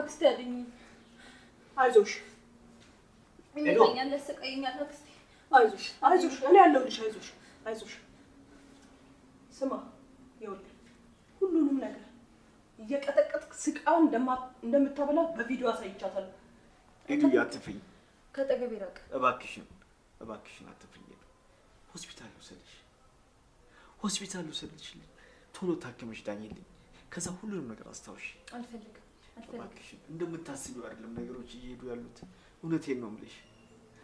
አክስቴ ያለኝ አይዞሽ፣ ይመኛል፣ ያሰቃየኛል። አክስቴ አይዞሽ፣ አይዞሽ፣ እኔ ያለሁልሽ። አይዞሽ፣ አይዞሽ። ስማ ይኸውልህ፣ ሁሉንም ነገር እየቀጠቀጥክ ስቃውን እንደምታበላ በቪዲዮ አሳይቻታለሁ። እዱ አትፍኝ፣ እባክሽን አትፍኝ። ሆስፒታል ውሰድሽ፣ ሆስፒታል ውሰድሽ፣ ቶሎ ታክመሽ ዳኝልኝ። ከዛ ሁሉንም ነገር አስታውሽ። አልፈልግም እባክሽ እንደምታስቢው አይደለም ነገሮች እየሄዱ ያሉት። እውነቴን ነው የምልሽ።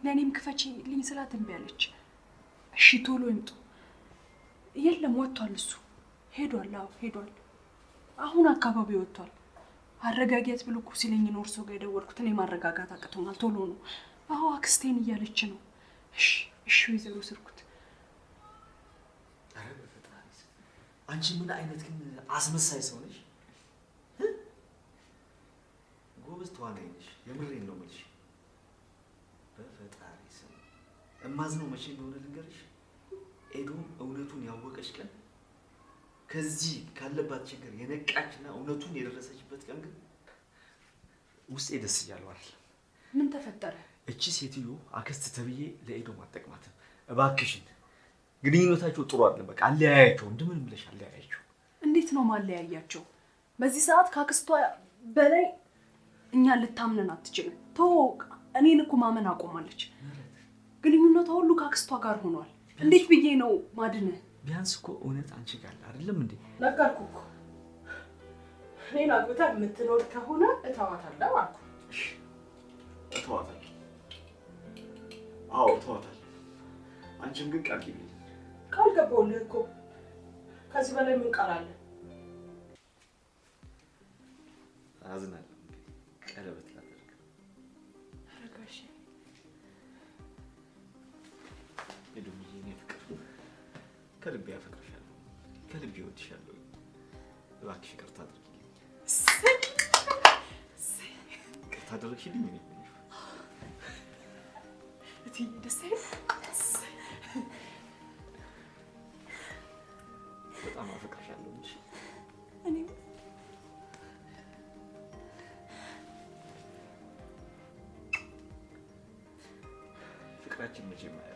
ለእኔም ክፈች ልኝ ስላት እምቢ አለች። እሺ ቶሎ ይምጡ። የለም ወጥቷል፣ እሱ ሄዷል። አዎ ሄዷል። አሁን አካባቢ ወጥቷል። አረጋጊያት ብሎ ሲለኝ ኖር ሰው ጋር የደወልኩት እኔ ማረጋጋት አቅቶኛል። ቶሎ ነው። አዎ አክስቴን እያለች ነው። እሺ እሺ፣ ወይዘሮ ስርኩት አንቺ ምን አይነት ግን አስመሳይ ሰው ነሽ። ጎበዝ ተዋናይ ነሽ። የምሬን ነው የምልሽ። በፈጣሪ ስም እማዝነው መቼ እንደሆነ ልንገርሽ። ኤዶም እውነቱን ያወቀች ቀን ከዚህ ካለባት ችግር የነቃችና እውነቱን የደረሰችበት ቀን ግን ውስጤ ደስ እያለው አይደለም። ምን ተፈጠረ? እቺ ሴትዮ አክስት ተብዬ ለኤዶም አጠቅማትም። እባክሽን ግንኙነታቸው ጥሩ አይደለም። በቃ አለያያቸው፣ እንደምን ብለሽ አለያያቸው። እንዴት ነው ማለያያቸው? በዚህ ሰዓት ከአክስቷ በላይ እኛ ልታምነን አትችልም። ተወቅ እኔን እኮ ማመን አቆማለች። ግንኙነቷ ሁሉ ከአክስቷ ጋር ሆኗል። እንዴት ብዬ ነው ማድነ? ቢያንስ እኮ እውነት አንቺ ጋር አይደለም እንዴ? ነገርኩ እኮ እኔን አግብታ የምትኖር ከሆነ እተዋታለሁ አልኩ። እተዋታለሁ። አዎ እተዋታለሁ። አንቺም ግን ቃል ግቢ። ቃል ገባሁልህ እኮ ከዚህ በላይ ምን ቃል አለ? 进不进买？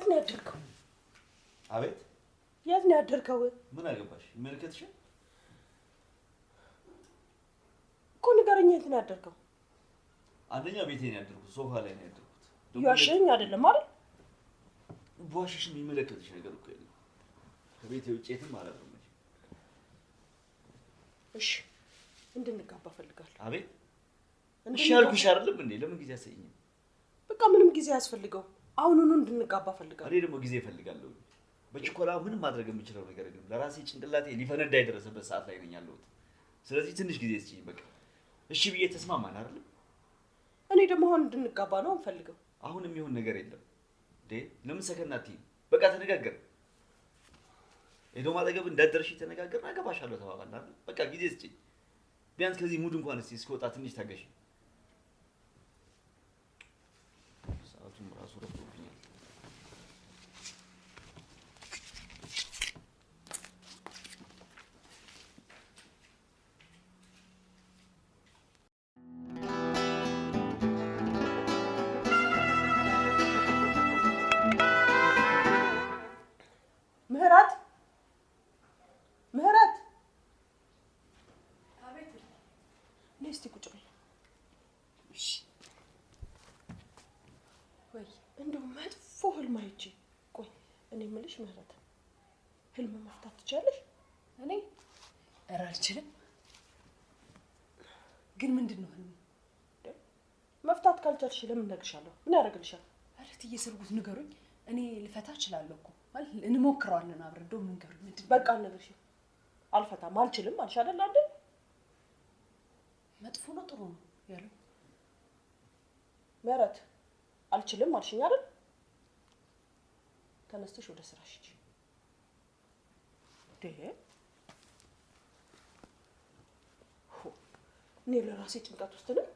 የት ነው ያደርከው? አቤት፣ የት ነው ያደርከው? ምን አገባሽ? የሚመለከትሽ እኮ ንገረኝ። የት ነው ያደርከው? አንደኛ ቤቴ ነው ያደርኩት፣ ሶፋ ላይ ነው ያደርኩት። ዋሸኝ አይደለም አይደል? በዋሸሽ የሚመለከትሽ ነገር እኮ የለም። ከቤቴ ውጭ የትም አላደረም። እሺ፣ እንድንጋባ እፈልጋለሁ። አቤት፣ እሺ አልኩሽ አይደለም እንዴ? ለምን ጊዜ አሰኝም? በቃ ምንም ጊዜ አያስፈልገው አሁኑኑ እንድንጋባ ፈልጋለሁ። እኔ ደግሞ ጊዜ እፈልጋለሁ። በችኮላ ምንም ማድረግ የምችለው ነገር የለም። ለራሴ ጭንቅላቴ ሊፈነዳ የደረሰበት ሰዓት ላይ ነኝ ያለሁት። ስለዚህ ትንሽ ጊዜ ስጪኝ በቃ። እሺ ብዬ ተስማማን አይደል? እኔ ደግሞ አሁን እንድንጋባ ነው እንፈልገው። አሁን የሚሆን ነገር የለም። እንዴ ለምን ሰከን በቃ ተነጋገር። ሄዶ ማጠገብ እንዳደረሽ ተነጋገር። አገባሻለሁ ተባባልን አይደል? በቃ ጊዜ ስጪኝ ቢያንስ ከዚህ ሙድ እንኳን እስኪ እስከወጣ ትንሽ ታገሽኝ። ትችላለሽ ምህረት? ህልም መፍታት ትችላለሽ? እኔ እረ አልችልም። ግን ምንድን ነው ህልም መፍታት ካልቻልሽ ለምን እነግርሻለሁ? ምን ያደርግልሻል? ኧረ እትዬ ስርጉት ንገሩኝ። እኔ ልፈታ እችላለሁ እኮ ማለት እንሞክረዋለን አብረን። እንደውም ንገሩኝ። ምንድን በቃ አልነግርሽም። አልፈታም፣ አልችልም አልሽ አይደል? አንዴ መጥፎ ነው ጥሩ ነው ያለው ምህረት? አልችልም አልሽኝ አይደል? ተነስተሽ ወደ ስራሽ ሂጂ። እኔ ለራሴ ጭንቀት ውስጥ ነው።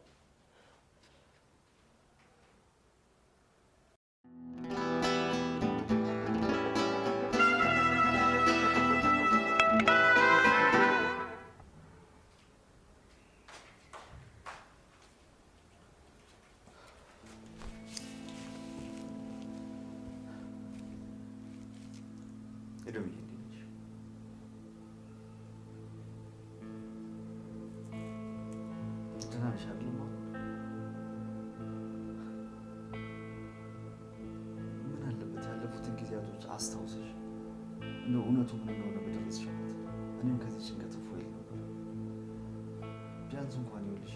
ቢያንስ እንኳን ይኸውልሽ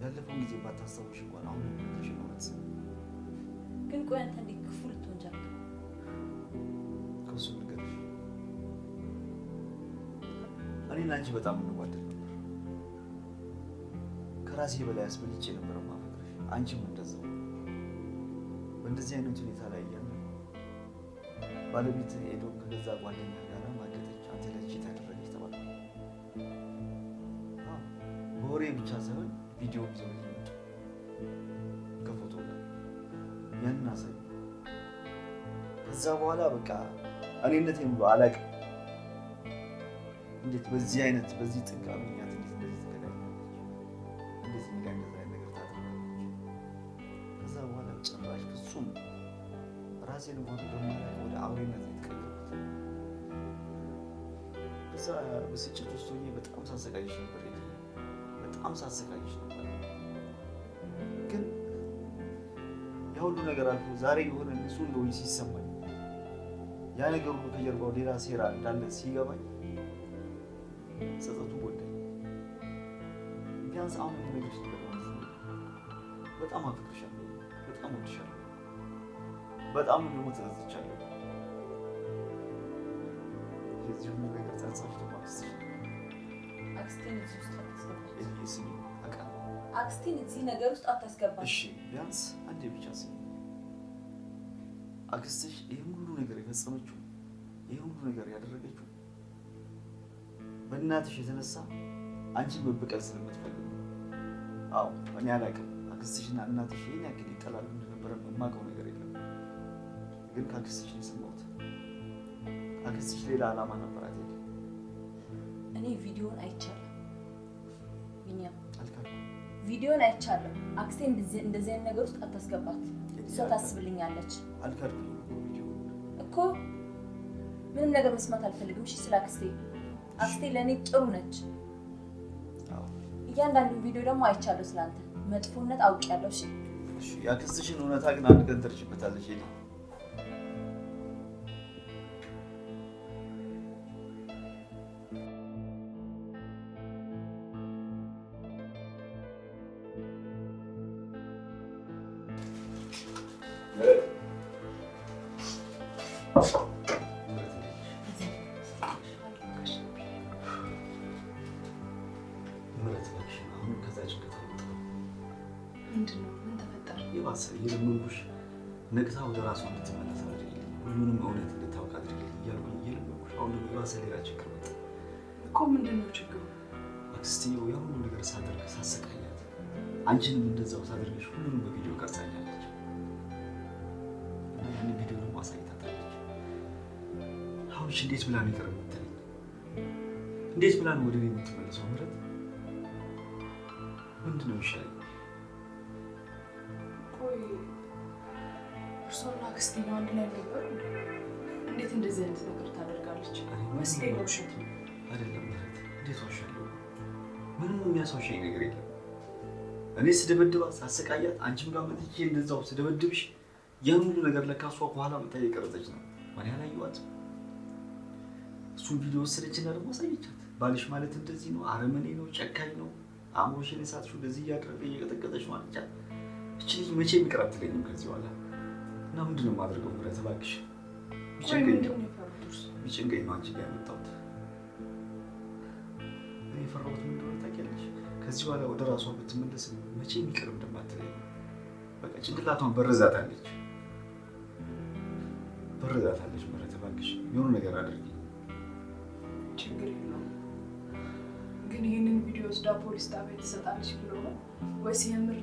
ያለፈውን ጊዜ ባታስታውሽ እንኳን አሁን ተሽ ነውት። ግን ቆይ አንተ እንዴት ክፉ ልትሆን ቻልክ? ከሱ ልንገርሽ፣ እኔና አንቺ በጣም እንዋደድ ነበር። ከራሴ በላይ አስበልጬ ነበረ ማፈቅርሽ። አንቺም እንደዛው። በእንደዚህ አይነት ሁኔታ ላይ እያለ ባለቤት ሄዶ ከገዛ ጓደኛ ከዛ በኋላ በቃ እኔነት የምሉ አላቅ እንዴት በዚህ አይነት በዚህ ጥጋ ምክንያት እንዴት እንደዚህ ትገዳኛለች? እንዴት እንዲ ነገር ታደርጋለች? ከዛ በኋላ ጭራሽ ፍጹም ራሴን ወደ በማላ ወደ አውሬነት የተቀየርኩት በዛ ብስጭት ውስጥ ሆኜ በጣም ሳሰቃየች ነበር፣ በጣም ሳሰቃየች ነበር። ግን የሁሉ ነገር አልፎ ዛሬ የሆነ ንጹህ እንደሆነ ሲሰማኝ ያ ሁሉ ከጀርባው ሌላ ሴራ እንዳለ ሲገባኝ ጸጸቱ ጎዳኝ። ቢያንስ አሁን ነገር በጣም አፍቅርሻለሁ፣ በጣም ወድሻለሁ፣ በጣም ደግሞ ተጸጽቻለሁ። የዚህ ሁሉ ነገር ጸጸት አክስቴን እዚህ ውስጥ ነገር ውስጥ አታስገባም። እሺ ቢያንስ አንዴ ብቻ አክስትሽ ይህን ሁሉ ነገር የፈጸመችው ይህን ሁሉ ነገር ያደረገችው በእናትሽ የተነሳ አንቺን መበቀል ስለምትፈልግ ነው። አዎ እኔ አላውቅም አክስትሽና እናትሽ ይህን ያክል ይጠላሉ እንደነበረ የማውቀው ነገር የለም። ግን ከአክስትሽ የሰማሁት አክስትሽ ሌላ አላማ ነበራት። ሄደ እኔ ቪዲዮን አይቻልም ቪዲዮን አይቻለም አክስቴ እንደዚህ አይነት ነገር ውስጥ አታስገባት። እሷ ታስብልኛለች። አልካድኩም እኮ ምንም ነገር መስማት አልፈልግም። እሺ ስለ አክስቴ አክስቴ ለእኔ ጥሩ ነች። እያንዳንዱን ቪዲዮ ደግሞ አይቻለሁ። ስለአንተ መጥፎነት አውቄያለሁ። እሺ የአክስትሽን እውነታ ግን አንድ ቀን ትርሽበታለች። ነቅታ ወደ ራሷ እንድትመለስ አድርጊልኝ፣ ሁሉንም እውነት እንድታውቅ አድርጊልኝ እያልኩኝ እየለመንኩሽ፣ አሁን ደግሞ የባሰ ሌላ ችግር መጣ እኮ። ምንድን ነው ችግሩ? አክስትየው ያ ሁሉ ነገር ሳደርግ ሳሰቃያት፣ አንቺንም እንደዛው ሳደርግሽ ሁሉንም በቪዲዮ ቀርጻኛለች። ቪዲዮ ደግሞ አሳይታ ከሆነች እንዴት ብላ ነው የቀረበትልኝ? እንዴት ብላ ነው ወደ እኔ የምትመለሰው? ምህረት ምንድን ነው ይሻል? ቆይ እርሶና አንድ ላይ ነበር? እንዴት እንደዚህ አይነት ነገር ታደርጋለች? መስሌ ውሸት ነው አይደለም? እንዴት ዋሻለሁ? ምንም የሚያስዋሸኝ ነገር የለም። እኔ ስደበድባት ሳሰቃያት፣ አንቺም ጋር መጥቼ እንደዛው ስደበድብሽ ያን ሁሉ ነገር ለካሷ በኋላ ከኋላ መታ እየቀረጸች ነው። ማን ያላየዋት እሱን ቪዲዮ ወሰደችና ደግሞ አሳየቻት። ባልሽ ማለት እንደዚህ ነው፣ አረመኔ ነው፣ ጨካኝ ነው፣ አእምሮሽን የሳትሹ እንደዚህ እያቀረበ እየቀጠቀጠች ነው አለቻት። እች ልጅ መቼ የሚቀር አትገኝም ከዚህ በኋላ እና ምንድን ነው የማደርገው? ምረት እባክሽ ቢጭንቀኝ ነው አንቺ ጋር ያመጣሁት። እኔ የፈራሁት ምን እንደሆነ ታውቂያለሽ? ከዚህ በኋላ ወደ ራሷ ብትመለስ መቼ የሚቀር እንደማትለኝ በቃ ጭንቅላቷን በርዛታለች በርዛታለች ምረት እባክሽ የሆኑ ነገር አድርጊ ችግር የለውም። ግን ይህንን ቪዲዮ ወስዳ ፖሊስ ጣቢያ ትሰጣለች ብሎ ነው ወይስ የምር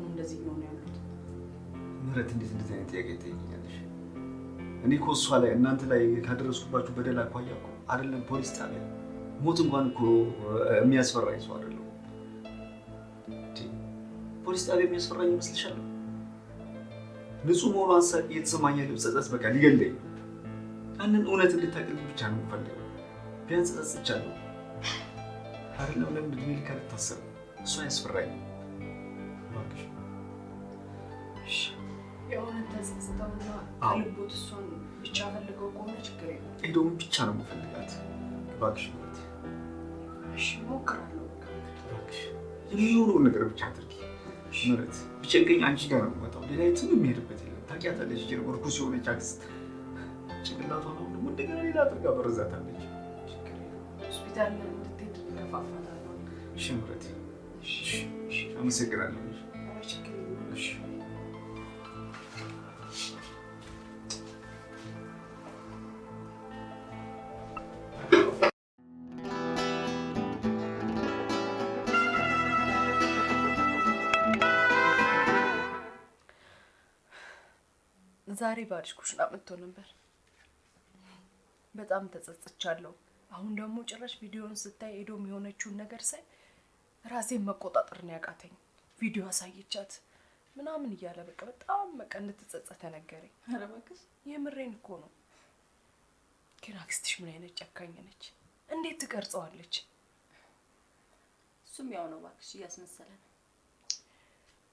ነው እንደዚህ ያሉት? ምህረት፣ እንዴት እንደዚህ አይነት ጥያቄ እኔ እኮ እሷ ላይ እናንተ ላይ ካደረስኩባችሁ በደል አኳያ እኮ አይደለም ፖሊስ ጣቢያ ሞት እንኳን እኮ የሚያስፈራኝ ሰው ፖሊስ ጣቢያ የሚያስፈራኝ ይመስልሻል? ንጹህ መሆኗን እየተሰማኝ ልብ ጸጸት በቃ ሊገለኝ ያንን እውነት እንድታቀል ብቻ ነው ቢያንስ ጸጽቻለሁ አይደለም። ለምን እድሜ ልክ ታሰብ? እሱ አያስፈራኝ። የእውነት ተጸጽተውና ከልቦት እሷን ብቻ ፈልገው ከሆነ ችግር የለም። ኤዶም ብቻ ነው የምፈልጋት። እባክሽ ማለት እሺ፣ እሞክራለሁ። እባክሽ ነገር ብቻ አድርጊ። ምረት ብቸገኝ አንቺ ጋር ነው የምመጣው። ሌላ የትም የሚሄድበት የለም። ታውቂያታለሽ፣ አክስት ጭንቅላቷ ነው እንደገና ሌላ አድርጋ ሆስፒታል እንድትሄድ ገፋፋታለሁ። እሺ ምረት፣ አመሰግናለሁ። ዛሬ ባልሽ ኩሽና መጥቶ ነበር። በጣም ተጸጽቻለሁ። አሁን ደግሞ ጭራሽ ቪዲዮን ስታይ ኤዶም የሆነችውን ነገር ሳይ ራሴን መቆጣጠር ነው ያቃተኝ። ቪዲዮ አሳየቻት ምናምን እያለ በቃ በጣም በቃ እንድትጸጸ ተነገረኝ። ኧረ የምሬን እኮ ነው። ግን አክስትሽ ምን አይነት ጨካኝ ነች! እንዴት ትቀርጸዋለች? እሱም ያው ነው ባክሽ፣ እያስመሰለ ነው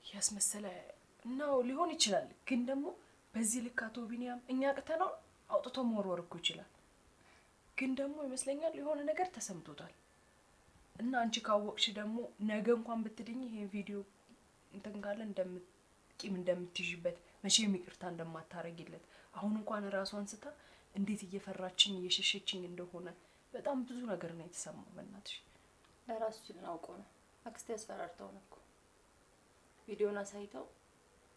እያስመሰለ ነው ሊሆን ይችላል። ግን ደግሞ በዚህ ልክ አቶ ቢኒያም እኛ ቅተነው አውጥቶ መወርወር እኮ ይችላል። ግን ደግሞ ይመስለኛል የሆነ ነገር ተሰምቶታል እና አንቺ ካወቅሽ ደግሞ ነገ እንኳን ብትድኝ ይሄ ቪዲዮ እንትን ካለ ቂም እንደምትይዥበት መቼም ይቅርታ እንደማታረጊለት አሁን እንኳን ራሷን አንስታ እንዴት እየፈራችኝ እየሸሸችኝ እንደሆነ በጣም ብዙ ነገር ነው የተሰማው። በእናትሽ ለራሱ ሲል አውቆ ነው። አክስቴ ያስፈራርተው ነው እኮ ቪዲዮን አሳይተው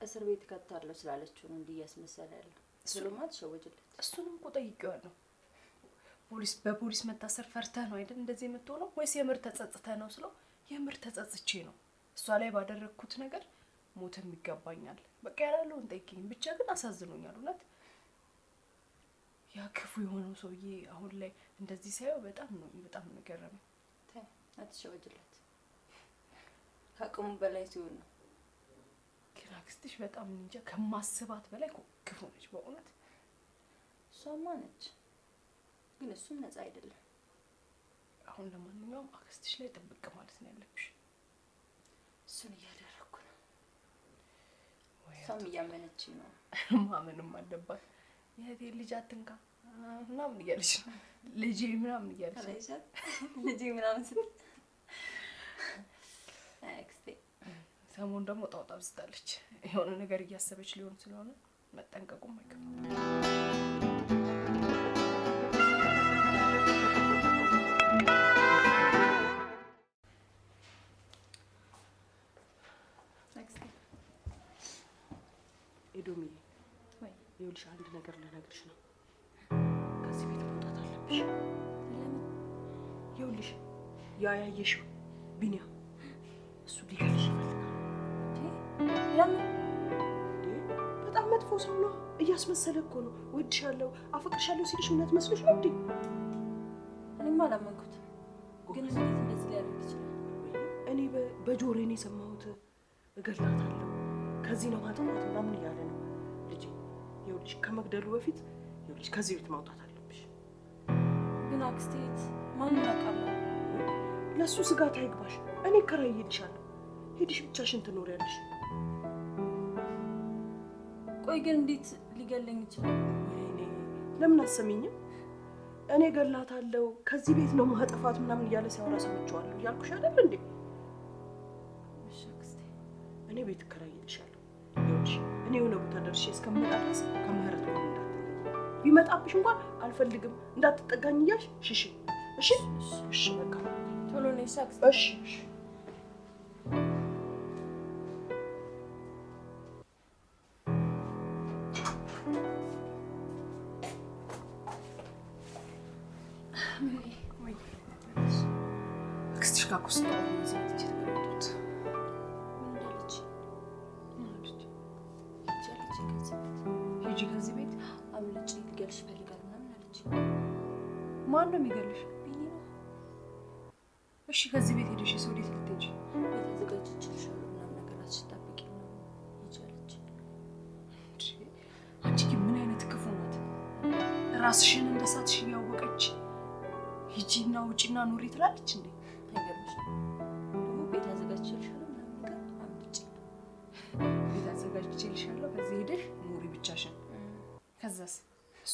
እስር ቤት ከታለሁ ስላለችው ነው እንዲህ እያስመሰለ ያለው። ስሉማ ትሸወጅለት። እሱንም እኮ ጠይቄዋለሁ። ፖሊስ በፖሊስ መታሰር ፈርተህ ነው አይደል እንደዚህ የምትሆነው ወይስ የምር ተጸጽተህ ነው ስለው የምር ተጸጽቼ ነው እሷ ላይ ባደረግኩት ነገር ሞትም ይገባኛል በቃ ያላለውን ጠይቄኝ ብቻ ግን አሳዝኖኛል እውነት ያ ክፉ የሆነው ሰውዬ አሁን ላይ እንደዚህ ሳየው በጣም ነው በጣም ነው የገረመኝ አትሸወጅለት ከአቅሙ በላይ ሲሆን ነው ግን በጣም እንጃ ከማስባት በላይ ክፉ ነች በእውነት እሷማ ነች ግን እሱም ነፃ አይደለም። አሁን ለማንኛውም አክስትሽ ላይ ጥብቅ ማለት ነው ያለብሽ። እሱን እያደረግኩ ነው። እሷም እያመነች ነው። ማመንም አለባት። የእህቴ ልጅ አትንካ ምናምን እያለች ነው። ልጄ ምናምን እያለች ልጄ ምናምን ስትል ሰሞን ደግሞ ጣውጣብ ስታለች። የሆነ ነገር እያሰበች ሊሆን ስለሆነ መጠንቀቁም አይከብም። ኢዶሚ ወይ ይኸውልሽ፣ አንድ ነገር ልነግርሽ ነው። ከዚህ ቤት መውጣት አለብሽ። ለምን? ይኸውልሽ፣ ያ ያየሽው ቢኒያ እሱ ሊገልሽ ይፈልጋል። በጣም መጥፎ ሰው ነው። እያስመሰለ እኮ ነው። ወድሻለሁ፣ አፈቅርሻለሁ ሲልሽ እውነት መስሎሽ ነው እንዴ? እኔማ አላመንኩት። ግን እንዴት እንደዚህ ሊያደርግ ይችላል? እኔ በጆሮዬ የሰማሁት እገድላታለሁ፣ ከዚህ ነው ማጥፋት ምናምን እያለ ነው ይኸውልሽ ከመግደሉ በፊት ይኸውልሽ ከዚህ ቤት ማውጣት አለብሽ። ግን አክስቴት ማን ያውቃል? ለእሱ ስጋት አይግባሽ። እኔ እከራይልሻለሁ። ሄድሽ ብቻሽን ትኖሪያለሽ። ቆይ ግን እንዴት ሊገለኝ ይችላል? ለምን አሰሚኝም? እኔ ገላታለሁ፣ ከዚህ ቤት ነው ማጠፋት ምናምን እያለ ሲያወራ ሰምቼዋለሁ። እያልኩሽ አይደል እንዴ? እኔ ቤት እኔ የሆነ ቦታ ደርሼ እስከምመጣ ድረስ ከምህረት ጎን እንዳትለይ። ቢመጣብሽ እንኳን አልፈልግም እንዳትጠጋኝ እያልሽ ሽሽ። እሺ፣ እሺ፣ በቃ ቶሎ ነው። እሺ እሺ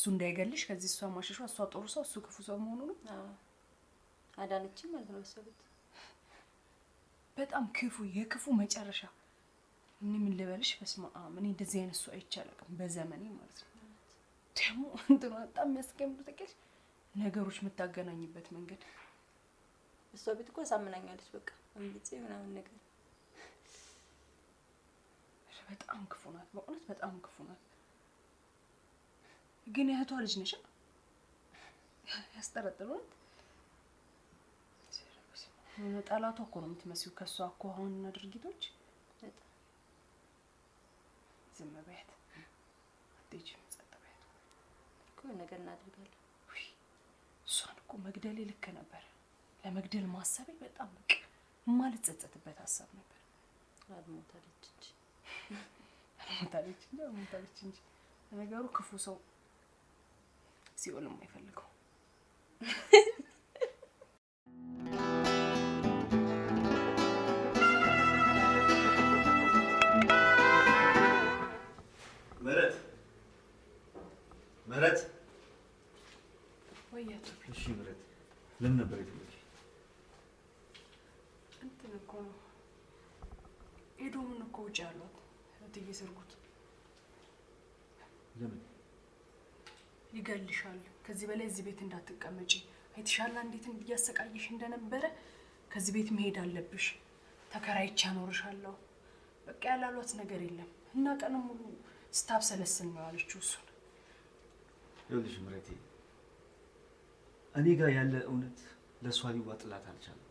እሱ እንዳይገልሽ ከዚህ እሷ ማሸሿ እሷ ጥሩ ሰው እሱ ክፉ ሰው መሆኑ ነው። አዳነችም ማለት ነው መሰለኝ። በጣም ክፉ የክፉ መጨረሻ እኔ ምን ልበልሽ፣ በስመ አብ እኔ እንደዚህ አይነት ሰው አይቼ አላውቅም በዘመኔ ማለት ነው። ደግሞ እንትኑ በጣም የሚያስገምዱ ጥቂት ነገሮች የምታገናኝበት መንገድ እሷ ቤት እኮ አሳምናኛለች። በቃ እንግዲህ ምናምን ነገር በጣም ክፉ ናት፣ በእውነት በጣም ክፉ ናት። ግን የእህቷ ልጅ ነሽ። ያስጠረጥሩት ጠላቷ እኮ ነው የምትመስዩ። ከእሷ እኮ አሁንና ድርጊቶች ዝም በያት አትሄጂም፣ ጸጥ በያት እኮ ነገር እናድርጋለን። እሷን እኮ መግደል ልክ ነበር። ለመግደል ማሰቤ በጣም በቃ የማልጸጸትበት ሀሳብ ነበር። አልሞታለች እንጂ አልሞታለች እንጂ አልሞታለች እንጂ ነገሩ ክፉ ሰው ሲኦል የማይፈልገው። ምህረት ምህረት፣ እሺ ምህረት፣ ለምን ነበር የፈለግሽ? እንትን እኮ ነው ኤዶምን እኮ ውጭ ያሏት እህትዬ ሰርጉት ለምን ይገልሻል። ከዚህ በላይ እዚህ ቤት እንዳትቀመጪ አይተሻላ፣ እንዴት እያሰቃየሽ እንደነበረ። ከዚህ ቤት መሄድ አለብሽ። ተከራይቼ አኖርሻለሁ። በቃ ያላሏት ነገር የለም እና ቀንም ሙሉ ስታብ ሰለስን ነው ያለችው። እሱን ይኸውልሽ ምሬቴ፣ እኔ ጋር ያለ እውነት ለእሷ ሊዋጥላት አልቻለም።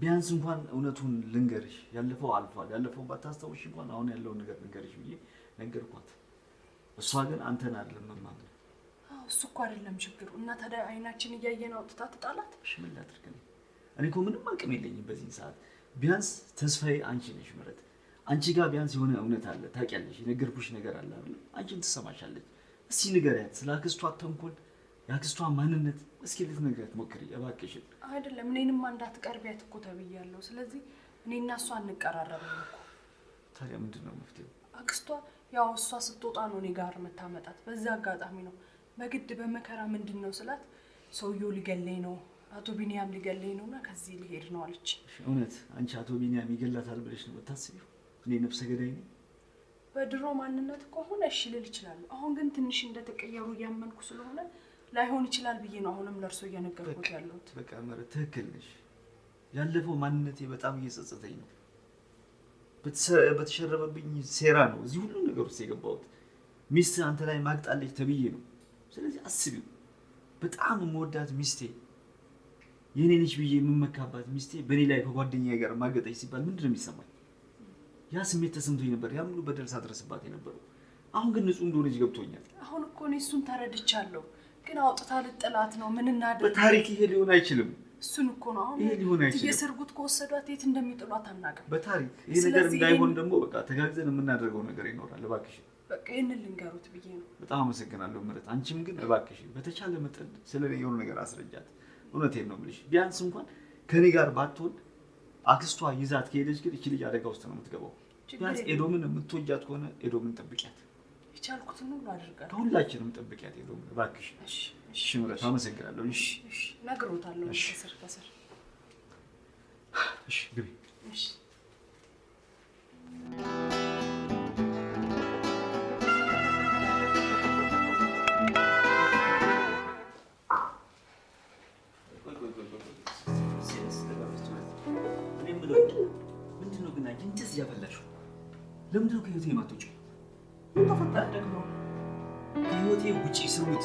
ቢያንስ እንኳን እውነቱን ልንገርሽ፣ ያለፈው አልፏል፣ ያለፈው ባታስታውሽ እንኳን አሁን ያለውን ነገር ልንገርሽ ብዬ ነገርኳት። እሷ ግን አንተን አይደለም መማም እሱ እኮ አይደለም ችግሩ። እና ታዲያ አይናችን እያየን አውጥታ ትጣላት? እሺ ምን ላድርግ ነው? እኔ እኮ ምንም አቅም የለኝም በዚህ ሰዓት። ቢያንስ ተስፋዬ አንቺ ነሽ ምረት። አንቺ ጋር ቢያንስ የሆነ እውነት አለ ታውቂያለሽ። የነገርኩሽ ነገር አለ አይደል? አንቺም ትሰማሻለች። እስኪ ንገሪያት ስለ አክስቷ ተንኮል፣ የአክስቷ ማንነት እስኪ ልትነግሪያት ሞክሪ እባክሽን። አይደለም እኔንማ እንዳትቀርቢያት እኮ ተብያለሁ። ስለዚህ እኔና እሷ አንቀራረብም እኮ። ታዲያ ምንድን ነው መፍትሄው? አክስቷ ያው እሷ ስትወጣ ነው እኔ ጋር መታመጣት። በዛ አጋጣሚ ነው በግድ በመከራ ምንድን ነው ስላት፣ ሰውየው ሊገለኝ ነው አቶ ቢኒያም ሊገለኝ ነው እና ከዚህ ሊሄድ ነው አለች። እውነት አንቺ አቶ ቢኒያም ይገላታል ብለሽ ነው የምታስቢው? እኔ ነፍሰ ገዳይ ነው። በድሮ ማንነት ከሆነ እሺ ልል አሁን ግን ትንሽ እንደተቀየሩ እያመንኩ ስለሆነ ላይሆን ይችላል ብዬ ነው አሁንም ለእርሶ እየነገርኩት ያለሁት። በቃ መረት ትክክል ነሽ። ያለፈው ማንነቴ በጣም እየጸጸተኝ ነው በተሸረበብኝ ሴራ ነው እዚህ ሁሉ ነገር ውስጥ የገባሁት። ሚስት አንተ ላይ ማግጣለች ተብዬ ነው። ስለዚህ አስቢው፣ በጣም መወዳት ሚስቴ የእኔ ነች ብዬ የምመካባት ሚስቴ በእኔ ላይ ከጓደኛ ጋር ማገጠች ሲባል ምንድን ነው የሚሰማኝ? ያ ስሜት ተሰምቶኝ ነበር። ያ ሙሉ በደል ሳደርስባት የነበረው አሁን ግን ንጹህ እንደሆነች ገብቶኛል። አሁን እኮ እኔ እሱን ተረድቻለሁ። ግን አውጥታ ልጥላት ነው ምን በታሪክ ይሄ ሊሆን አይችልም። እሱን እኮ ነው አሁን የሰርጉት ከወሰዷት የት እንደሚጥሏት አናውቅም። በታሪክ ይሄ ነገር እንዳይሆን ደግሞ በቃ ተጋግዘን የምናደርገው ነገር ይኖራል። እባክሽ በቃ ይህንን ልንገሩት ብዬ ነው። በጣም አመሰግናለሁ ምረት። አንቺም ግን እባክሽ በተቻለ መጠን ስለየሆኑ ነገር አስረጃት። እውነቴን ነው የምልሽ። ቢያንስ እንኳን ከኔ ጋር ባትሆን አክስቷ ይዛት ከሄደች ግን እቺ ልጅ አደጋ ውስጥ ነው የምትገባው። ቢያንስ ኤዶምን የምትወጃት ከሆነ ኤዶምን ጠብቂያት። የቻልኩትን ሁሉ አድርጋለሁ። ከሁላችንም ጠብቂያት ኤዶምን እባክሽ። እሺ ምህረት አመሰግናለሁ። እሺ እሺ፣ ነግሮታለሁ። ከስር ከስር። እሺ ግቢ። እሺ ለምንድን ነው ከህይወቴ የማትወጪው? ምን ተፈጠረ ደግሞ? ከህይወቴ ውጪ ስሩት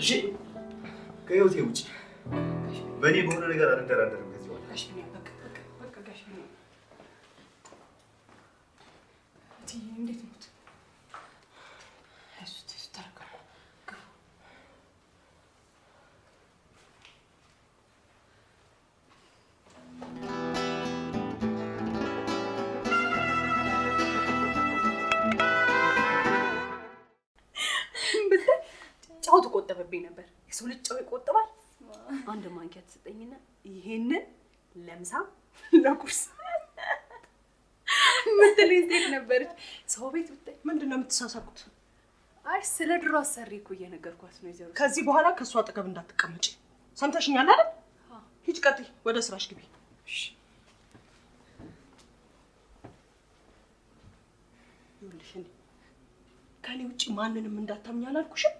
እሺ ከህይወቴ ውጭ በእኔ በሆነ ነገር አልደራደርም። ከዚህ በኋላ በቃ በቃ በቃ ጋሽ እየተቆጠበብኝ ነበር። የሰው ልጅ ጨው ይቆጥባል። አንድ ማንኪያ ትሰጠኝና ይሄንን ለምሳ ለቁርስ ምትልኝ ሴት ነበረች። ሰው ቤት ብታይ ምንድን ነው የምትሳሳቁት? አይ ስለ ድሮ አሰሪ እኮ እየነገርኳት ነው። ይዘሩ ከዚህ በኋላ ከእሱ አጠገብ እንዳትቀመጪ ሰምተሽኛል አይደል? ሂጅ፣ ቀጥይ፣ ወደ ስራሽ ግቢ። ይኸውልሽ ከኔ ውጭ ማንንም እንዳታምኝ አላልኩሽም?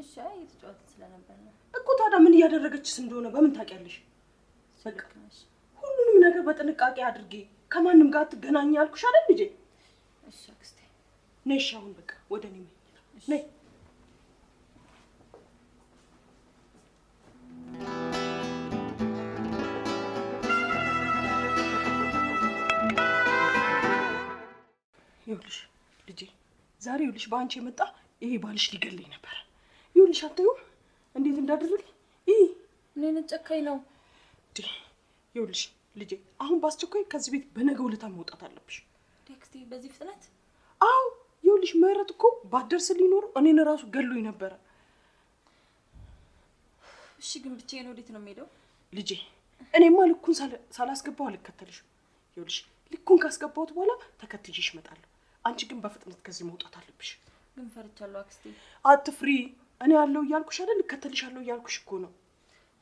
እሺ፣ አይ እየተጫወትን ስለነበር ነው እኮ። ታዲያ ምን እያደረገችስ እንደሆነ በምን ታውቂያለሽ? በቃ ሁሉንም ነገር በጥንቃቄ አድርጌ ከማንም ጋር አትገናኝ ያልኩሽ አይደል ልጄ? እሺ አክስቴ፣ አሁን በቃ ወደ እኔ ነይ ይኸውልሽ ልጄ ዛሬ ይኸውልሽ በአንቺ የመጣ ይሄ ባልሽ ሊገለኝ ነበር ትንሽ አታዩም እንዴት እንዳደረግ ይህ ምን አይነት ጨካኝ ነው? ይኸውልሽ ልጄ አሁን በአስቸኳይ ከዚህ ቤት በነገው ውለታ መውጣት አለብሽ። ቴክስቲ በዚህ ፍጥነት? አዎ ይኸውልሽ ምህረት እኮ ባደርስ ሊኖሩ እኔን ራሱ ገሎኝ ነበረ። እሺ ግን ብቻዬን ወዴት ነው የምሄደው? ልጄ እኔማ ልኩን ሳላስገባው አልከተልሽም። ይኸውልሽ ልኩን ካስገባሁት በኋላ ተከትዬሽ እመጣለሁ። አንቺ ግን በፍጥነት ከዚህ መውጣት አለብሽ። ግን ፈርቻለሁ አክስቴ። አትፍሪ እኔ ያለው እያልኩሽ አይደል? እከተልሻለሁ እያልኩሽ እኮ ነው።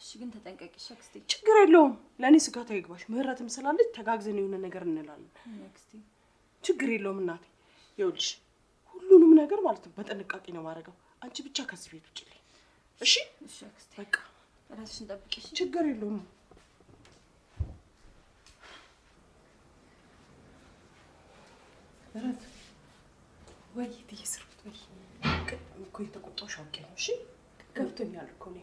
እሺ ግን ተጠንቀቂ አክስቴ። ችግር የለውም ለእኔ ስጋት አይግባሽ። ምህረትም ስላለች ተጋግዘን የሆነ ነገር እንላለን። ችግር የለውም እናቴ። ይኸውልሽ ሁሉንም ነገር ማለት ነው በጥንቃቄ ነው ማድረገው። አንቺ ብቻ ከዚህ ቤት ውጭ ላይ እሺ? እሺ አክስቴ። በቃ ራስሽን ጠብቂ። ችግር የለውም ምህረት ወይ ትየስርኩት ወይ እኮ የተቆጣሁሽ አውቄ ነው። እሺ ገብቶኛል እኮ እኔ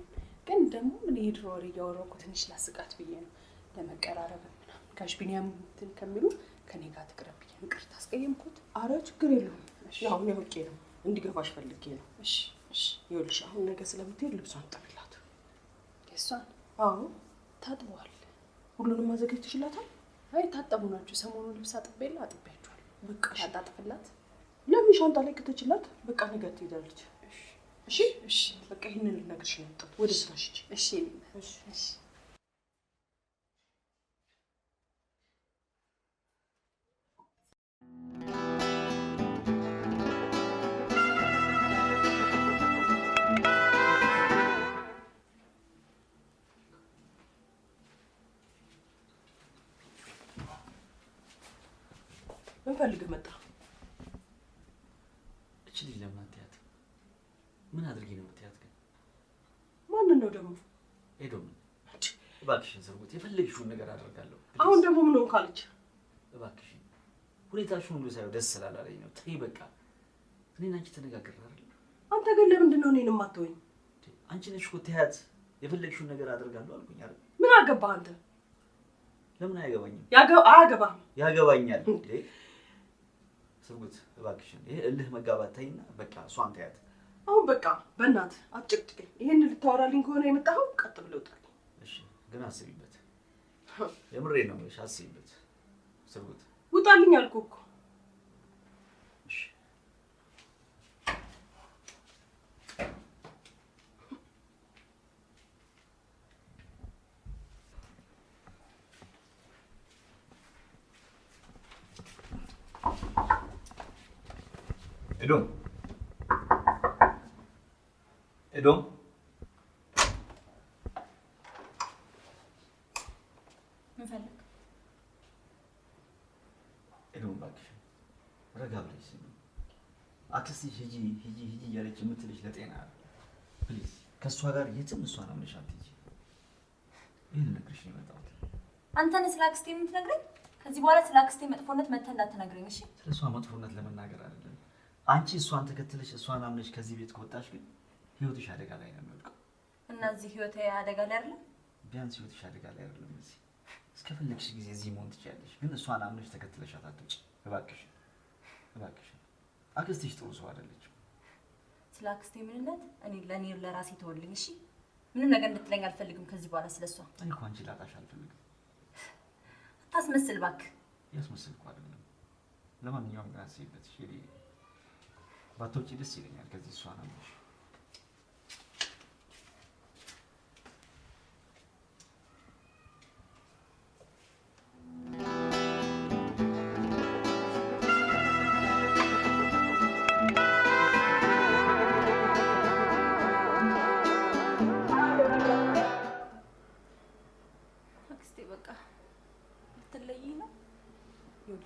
ግን ደግሞ ምን የድሮ ወሬ እያወራሁ እኮ ትንሽ ላስቃት ብዬ ነው ለመቀራረብ ምናምን ጋሽ ቢኒያም እንትን ከሚሉ ከኔ ጋር ትቅረብ ብዬ ነው። ይቅርታ አስቀየምኩት። አረ ችግር የለውም። ያው እኔ አውቄ ነው እንዲገባሽ ፈልጌ ነው። እሺ እሺ። ይኸውልሽ አሁን ነገ ስለምትሄድ ልብሷን ጠብላት። የእሷን? አዎ ታጥበዋል። ሁሉንም ማዘጋጅ ትችላታል። አይ ታጠቡ ናቸው። ሰሞኑን ልብስ አጥቤላ አጥቤያቸዋል። በቃ ታጣጥፍላት ለምን ሻንጣ ላይ ከተችላት በቃ ነገ ትሄዳለች። እሺ እሺ፣ በቃ ይሄንን ልነግርሽ ነው ወደ ስራሽ እሺ እሺ እሺ። ፈልግ መጣ ምነው ነው ደግሞ ሄዶም እባክሽን ስርጉት የፈለግሽውን ነገር አደርጋለሁ። አሁን ደግሞ ምን ሆንክ አለች። ሁኔታሽን ሁሉ ሳይሆን ደስ ስላላለኝ ነው። ተይ በቃ እኔን አንቺ ተነጋግረን አይደል? አንተ ግን ለምንድን ነው እኔን የማትወኝ? አንቺ ነሽ እኮ ትያት የፈለግሽውን ነገር አደርጋለሁ አልኩኝ አይደል? ምን አገባህ አንተ? ለምን አያገባኝም? አያገባህም። ያገባኛል። ስርጉት እባክሽን እልህ መጋባት ተይና በቃ እሷን ትያት አሁን በቃ በእናት አትጨቅጭቅ። ይሄን ልታወራልኝ ከሆነ የመጣኸው ቀጥ ብሎ ይወጣል። እሺ፣ ግን አስቢበት። የምሬ ነው። እሺ፣ አስቢበት። ስርጉት ውጣልኝ አልኩህ እኮ ሂጂ ሂጂ እያለች የምትልሽ ለጤና ፕሊዝ፣ ከእሷ ጋር የትም እሷን አምነሽ አትሂጂ። ይህን ልነግርሽ ነው የመጣሁት። አንተ ስለ አክስቴ የምትነግረኝ? ከዚህ በኋላ ስለ አክስቴ መጥፎነት መተህ እንዳትነግረኝ እሺ። ስለ እሷ መጥፎነት ለመናገር አይደለም። አንቺ እሷን ተከትለሽ እሷን አምነሽ ከዚህ ቤት ከወጣሽ ግን ህይወትሽ አደጋ ላይ ነው የሚወድቀው። እና እዚህ ህይወት አደጋ ላይ አይደለም፣ ቢያንስ ህይወትሽ አደጋ ላይ አይደለም። እዚህ እስከፈለግሽ ጊዜ እዚህ መሆን ትችያለሽ፣ ግን እሷን አምነሽ ተከትለሻት አትውጪ። እባክሽ፣ እባክሽ። አክስትሽ ጥሩ ሰው አይደለች። ስለ አክስቴ ምንነት እኔ ለእኔ ለራሴ ተወልኝ። እሺ ምንም ነገር እንድትለኝ አልፈልግም ከዚህ በኋላ ስለሷ። እኔ እኮ አንቺ ላጣሽ አልፈልግም። አታስመስል እባክህ። ያስመስልኩ አይደለም። ለማንኛውም ግን አስይበት። እሺ ባትወጪ ደስ ይለኛል ከዚህ እሷ ነው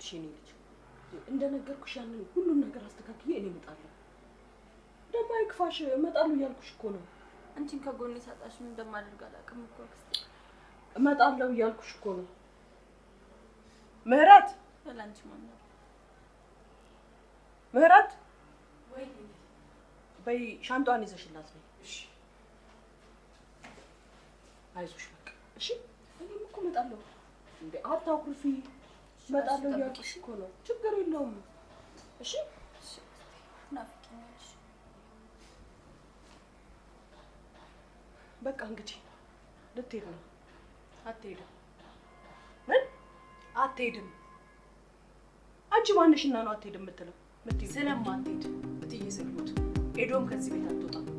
እባክሽ የኔ ልጅ እንደነገርኩሽ ያንን ሁሉን ነገር አስተካክዬ እኔ እመጣለሁ። ደግሞ አይክፋሽ፣ እመጣለሁ እያልኩሽ እኮ ነው። አንቺን ከጎኔ ሳጣሽ ምን እንደማደርግ አላውቅም እኮ አክስቴ። እመጣለሁ እያልኩሽ እኮ ነው። ምህረት ላንቺ ማነ ምህረት፣ በይ ሻንጧን ይዘሽላት ነው። አይዞሽ በቃ እሺ። እኔም እኮ እመጣለሁ እንዴ አታኩርፊ። እመጣለሁ እያልኩሽ እኮ ነው። ችግር የለውም። እሺ በቃ እንግዲህ ልትሄድ ነው። አትሄድም? ምን አትሄድም? አንቺ ማንሽና ነው አትሄድም የምትለው? ስለማትሄድ እትዬ ዘግሎት ሄዶም ከዚህ ቤት አትወጣም።